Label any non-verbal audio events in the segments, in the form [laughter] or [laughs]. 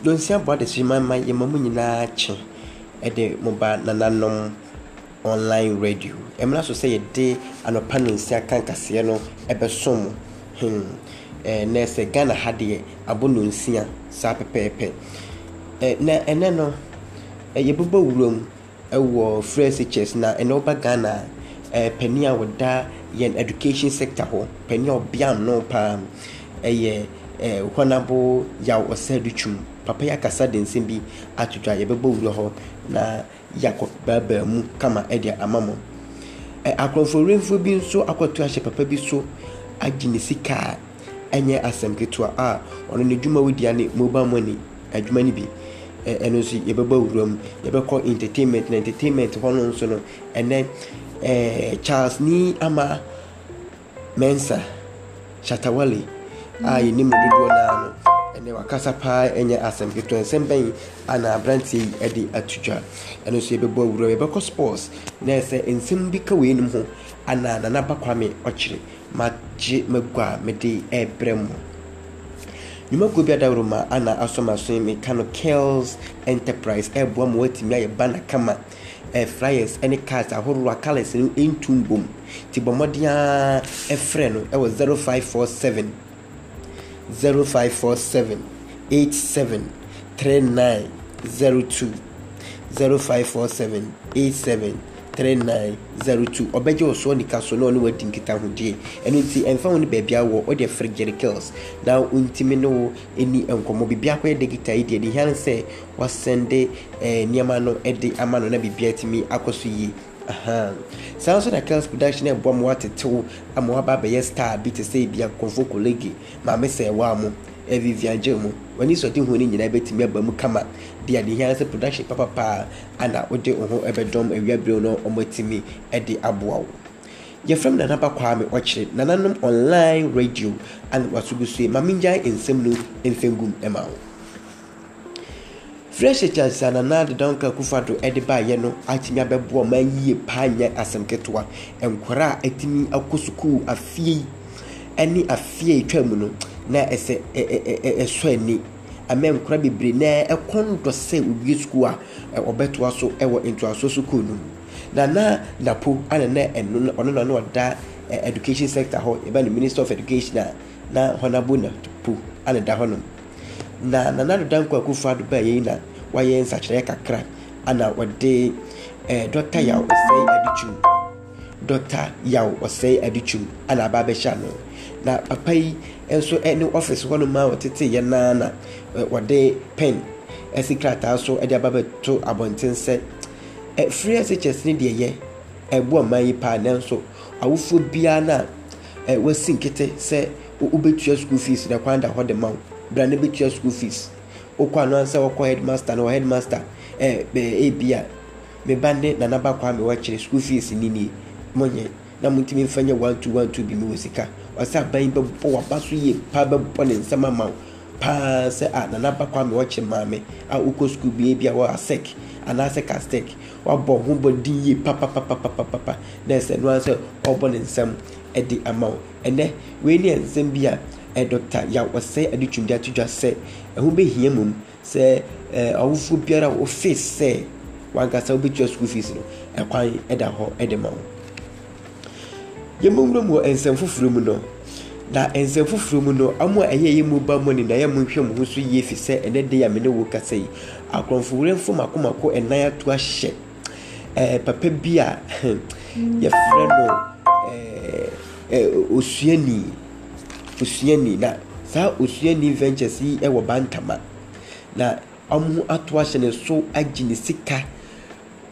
Donsia boa de so ma yɛma mu nyinaa kye de mo ba nananom online radio ɛmena so sɛ yɛde anɔpa no nsia ka nkaseɛ no ɛbɛso mo hmm. eh, na sɛ ghana ha deɛ abɔ no nsia saa pɛpɛɛpɛ eh, na ɛnɛ eh, no eh, yɛbɛbɔ wuram ɛwɔ eh, frɛ sechers na ɛnɛ woba ghana eh, pani eh, a wɔda yɛn education sector hɔ pani a ɔbea no paa ɛyɛ eh, eh, hɔnabo yaw ɔsɛ dutwum papa yi akasa de nsɛm bi atwitwa yɛbɛbɔ wura hɔ na yɛakɔ baabaa mu kama de ama mo e, akorɔmforinfoɔ bi nso akɔto ahyɛ papa bi so agye ne sika a ɛnyɛ asɛm ketewa a ɔno ne dwuma wodi ane mobile money adwuma no bi ɛno nso yɛbɛbɔ wura mu yɛbɛkɔ entertainment na entertainment hɔ no nso no ɛnɛ eh, charles ni ama mensa shatawale a yɛnim dodoɔ na ɛnɛ wakasa paa ɛnyɛ asɛm ketewa nsɛm bɛn ana aberanteɛ yi ɛde ato dwa ɛno nso yɛbɛbɔ awura yɛbɛkɔ sports na ɛsɛ nsɛm bi ka wei nom ho ana nana ba kwame ɔkyerɛ magye magu a mede ɛrebrɛ mu nnwumakuo bi adaworo ma ana asɔm aso mi ka no kels enterprise ɛreboa ma watumi ayɛ bana kama flyers ne cars ahorow a colours no ntum bom nti bɔ mmɔden a ɛfrɛ no ɛwɔ 0547 Zero five four seven, eight seven, three nine zero two, wɔ soɔ nika so na ɔne wadi nkita hodie ɛno nti ɛmfa wo ne baabi awɔ ɔde frɛ jericals na ɔntimi ne wo ɛni nkɔmmɔ biribia kɔyɛ de gita yi deɛ ne hia ne sɛ wasɛnde eh, nneɛma no de ama no na biribia atumi akɔ so yie saa nso na class production ɛboa ma watetew ama waba abɛyɛ star bi te sɛ bia nkɔmfo kolege maame sɛ waa mo ɛvivian gye mu w'ani sɔde ho no nyinaa bɛtumi aba mu kama de ade hia sɛ production papapaa ana wode wo ho ɛbɛdɔm awia berɛ no ɔmatumi de aboa wo yɛfrɛm nana ba kwame ɔkyerɛ nananom online radio ane wasogusue ma mengyae nsɛm no mfɛngum ma wo fresh chance anana deda nka kufaado de e baayɛ no atumi abɛboa ɔman yie paa nyɛ asɛm ketewa nkwaraa a atumi akɔ sukuu afie ne afie atwa mu no na ɛsɛ ɛsɔ ani ama nkwaraa bebree na ɛkɔn dɔ sɛ owie sukuu a ɔbɛtoa so wɔ ntoaso sukuu no mu na na napo ana na ɛno ɔno na ɔno ɔda education sector hɔ yɛbɛ no minister of education a na hɔn abo po ana da hɔnom na nanado danko akufo ado baa yɛn na wayɛ nsakyerɛeɛ kakra ana wɔde eh, dɔkta yaw ɔsɛe adetwum dɔkta yaw ɔsɛe adetwum ana aba abɛhyɛ ano na papa yi nso eh, ne ɔfis hɔnom a wɔtete yɛ naa na eh, wɔde pen eh, si krataa so de aba bɛto abɔnten sɛ firi ɛsɛ kyɛse ne deɛ yɛ ɛboa ɔman yi paa nanso awofoɔ biara no a wɔasi nkete sɛ wobɛtua school fees na kwan da hɔ de ma wo bra ne bɛtua school fees wokɔ anoansa wɔkɔ headmaster na wɔ headmaster eh, ebi a meba ne nanaba kɔ a mewɔ kyerɛ school fees ni nie nye na motumi mfa nyɛ 1212 bi mewɔ sika ɔsɛ aban bɛbɔ waba so yie paa bɛbɔ ne nsɛm ama wo paa sɛ a nanaba kɔ a mewɔ kyerɛ maame a wokɔ school bi ebi a wɔ asec anaasɛ castec wabɔ ho bɔ din yie papapapapapapa na ɛsɛ no a sɛ ɔbɔ ne nsɛm ɛde ama wo ɛnɛ wei ne ɛnsɛm bi a Eh, dɔkta ya ɔsɛ ade twumde ato dwa sɛ ɛho bɛhia mmom sɛ ɔwofoɔ biara a wɔfe sɛ wankasa wobɛtua school fees no ɛkwan eh, ɛda eh, hɔ de ma wo yɛmmɛwura mu wɔ nsɛm foforɔ mu no na nsɛm foforɔ mu no amo a ɛyɛ yɛ mu ba mɔne na yɛ mo nhwɛ mo ho so yie fi sɛ ɛnɛ de a mene wo kasa yi akorɔmfo wura mfo makomako ɛnan ato ahyɛ ɛɛ papa bi a [laughs] yɛfrɛ no ɛɛ osuani osuani na saa osuani ventures yi wɔ bantama na wɔn ato ahyɛ ne so agye ne sika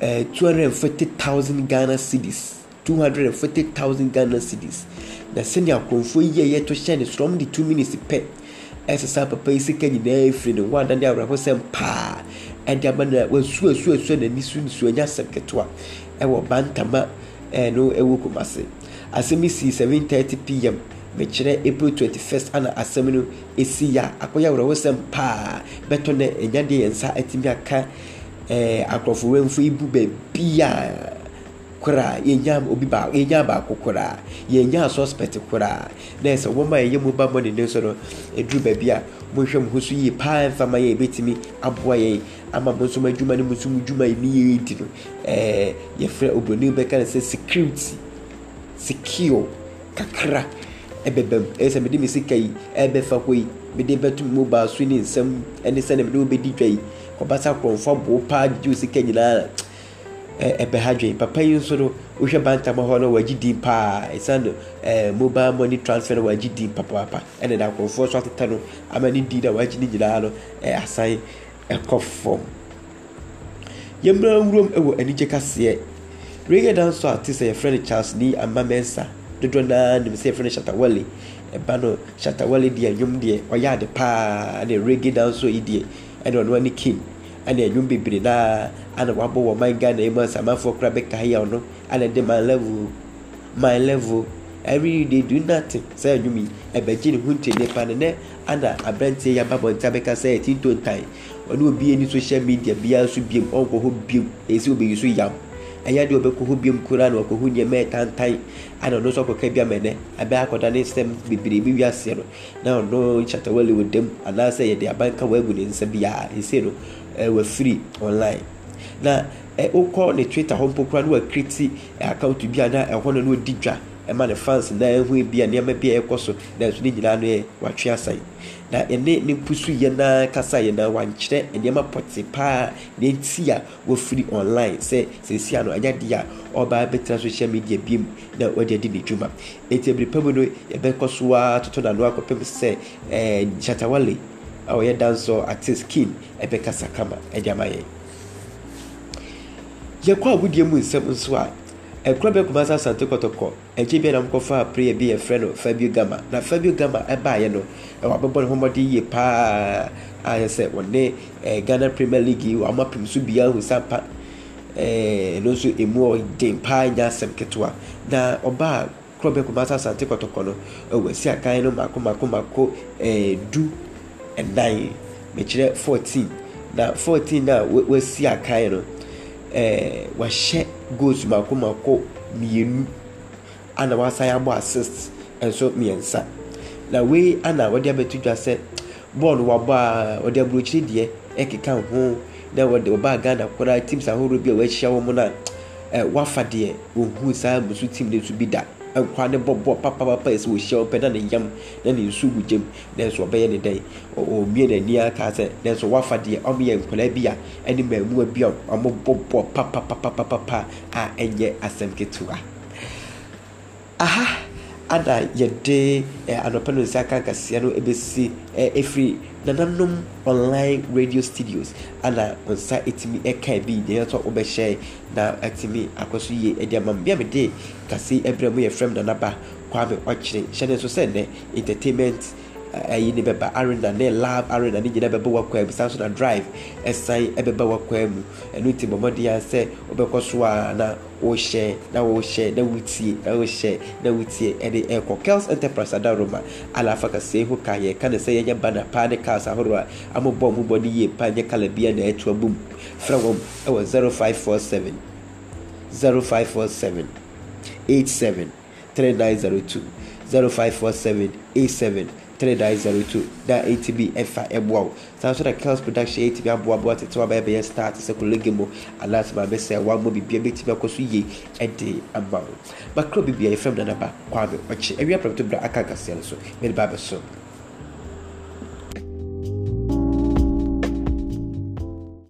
ɛɛ two hundred and forty thousand ghana cedis two hundred and forty thousand ghana cedis na sɛnea akorɔmfoɔ yi a yɛto hyɛ ne so wɔn de two minutes pɛ ɛsesa papa yi sika nyinaa efiri ne ho adan de awerɛho sɛm paa ɛde aba na wasu asu asu n'ani su nsu anya asɛm ketewa ɛwɔ bantama ɛɛ no ɛwɔ kumase asɛm yi si seven thirty pm mekyerɛ april 21st ana asɛm no ɛsi yɛ akɔyɛ awerɛwo sɛm paa bɛtɔ no ɛnya deɛ yɛn nsa atumi aka eh, akorɔfowanfo yi bu baabia koraa yɛnya obi baako yɛnya baako koraa yɛnya suspect koraa na ɛsɛ wɔn a ɛyɛ mobile money ne nso no ɛduru baabi a monhwɛ mo ho so yie paa mfama yɛ ɛbɛtumi aboa yɛn ama mo nso mo adwuma ne mo nso mo dwuma yɛ ne yɛ di no ɛɛ yɛfrɛ obroni bɛka ne sɛ security secure kakra ɛbɛbɛm ɛyɛ sɛ mede me sika yi ɛbɛfa hɔ yi mede bɛtum mobile so ne nsɛm ɛne sɛne mede wobɛdi dwa yi kɔbasa korɔmfo aboɔ paa gyegye wo sika nyinaa ɛbɛha e, dwen papa yi nso no wohwɛ bantama hɔ no wagye din paa ɛsiane no e, eh, mobile money transfer no wagye din papaapa ɛne da akorɔmfoɔ so ateta no ama ne din a wagye ne nyinaa no eh, asan ɛkɔ e, fam yɛmmra nwuram ɛwɔ anigye kaseɛ reggae danso a te sɛ yɛfrɛ no charles ni amamensa dodoɔ naa nim sɛ yɛfrɛ no shatawale ɛba no shatawale deɛ nnwom deɛ ɔyɛ ade paa ne regi danso yi deɛ ɛne ɔno ani kin ɛne nnwom bebree naa ana wabɔ wɔ man ghana yi mu asamanfoɔ kora bɛka yi a ɔno ana de man level My level every day do nothing sɛ nnwom yi ɛbɛgye ne ho ntɛne pa no nɛ ana aberanteɛ yi aba bɔnta bɛka sɛ ɛtintontan ɔne obi ani social media biara nso biem ɔnkɔ hɔ biem ɛsɛ obɛyi so yam ɛyɛ deɛ ɔbɛkɔhu biam kura na ɔkɔhu nneɛma ɛtantan ana ɔno nso akɔka bi amɛnɛ abɛɛ akɔda ne nsɛm bebree bi wiaseɛ no na ɔno nkyatawale wɔ dam anaasɛ yɛde abanka wɔagu ne nsa biara ɛsei no wafiri online na wokɔ ne twitter hɔ mpo kora na wakriti account bi a na ɛhɔ no na ɔdi dwa ɛma ne fans na ɛho bi a nneɛma bi a ɛkɔ so na nso ne nyinaa no yɛ watwe asae na ɛne ne pusu yɛ naa kasa yɛ naa wankyerɛ nneɛma pɔte paa ne nti a wafiri online sɛ seesia no ɛnyɛ deɛ a ɔbaa bɛtena social media bi mu na ɔde adi ne dwuma eti ebiri pɛ mu no yɛbɛkɔ so a toto n'ano akɔpem sɛ ɛɛ eh, gyatawale a ɔyɛ danso artist king ɛbɛkasa kama ɛde ama yɛn yɛkɔ awudie mu nsɛm nso a ɛkura bɛ kumasa asante kɔtɔkɔ ɛgye bi a nam kɔfa prayer bi yɛfrɛ no fabio gama na fabio gama ɛbaayɛ no ɛwɔ abɛbɔ ne ho mmɔden yie paa ayɛ sɛ wɔne ɛɛ ghana premier league yi wɔn apem so biara ho sampa ɛɛ no nso emu ɔden paa nya asɛm ketewa na ɔbaa kura bɛ kumasa asante kɔtɔkɔ no ɛwɔ esi akan no mako mako mako ɛɛ du ɛnan mɛkyerɛ fourteen na fourteen na wɔasi akan no ɛɛ eh, wahyɛ goals mako mako mmienu ana wasan abɔ assist nso mmiɛnsa na wei ana wɔde abɛto dwa sɛ bɔɔl wabɔ a wɔde aburokyire deɛ ɛkeka ho na wɔde ɔbaa ghana koraa teams ahorow bi a wɔahyia wɔn na ɛɛ eh, wafa deɛ wɔhu saa musu team no nso bi da akwa ne bɔbɔ papapapa ɛsɛ ɔhyia wo pɛ na ne yam na ne nsu gu gyam nanso ɔbɛyɛ ne dɛn ɔmie n'ani aka sɛ nanso wafa deɛ ɔmyɛ nkwadaa bi e a ɛne mmaamua bi a ɔmo bɔbɔ papapapapapa a ɛnyɛ asɛm ketewa aha ana yɛde eh, anɔpɛ no nsa ka nkaseɛ no bɛsi ɛfiri eh, nananom online radio studios ana nsa ɛtumi ɛka bi deɛ nso wobɛhyɛ na atumi akɔ so yie ɛde ama mbea mede kase ɛberɛ mu yɛfrɛm nanaba kwame ɔkyere hyɛne nso sɛ nnɛ entertainment ɛyi ne bɛba arena ne lab arena ne nyinaa bɛba wakɔ mu saa nso na drive ɛsan ɛbɛba wakɔ mu ɛnu ti mɔmɔden a sɛ wɔbɛkɔ so a na wɔhyɛ na wɔhyɛ na wotie na wɔhyɛ na wotie ɛde ɛkɔ kels enterprise adaroma alafa kase ho ka yɛ ka ne sɛ yɛnyɛ bana paa ne cars ahorow a amobɔ ɔmo bɔ ne yie paa nyɛ kala bia na ɛto abom fira wɔm ɛwɔ zero five four seven zero five four seven eight seven three nine zero two zero five four seven eight seven. 302 da atb ɛfa ɛboa wo saa nso da kels production atb aboaboa tetewa bɛyɛ bɛyɛ star te sɛ kolege mu alas ma bɛsɛ wabɔ biribia bɛtumi akɔ so yie ɛde ama wo bakra bibia yɛfrɛ m nanaba kwame ɔkye awia prɛmto bra aka nkaseɛ no so mede ba bɛso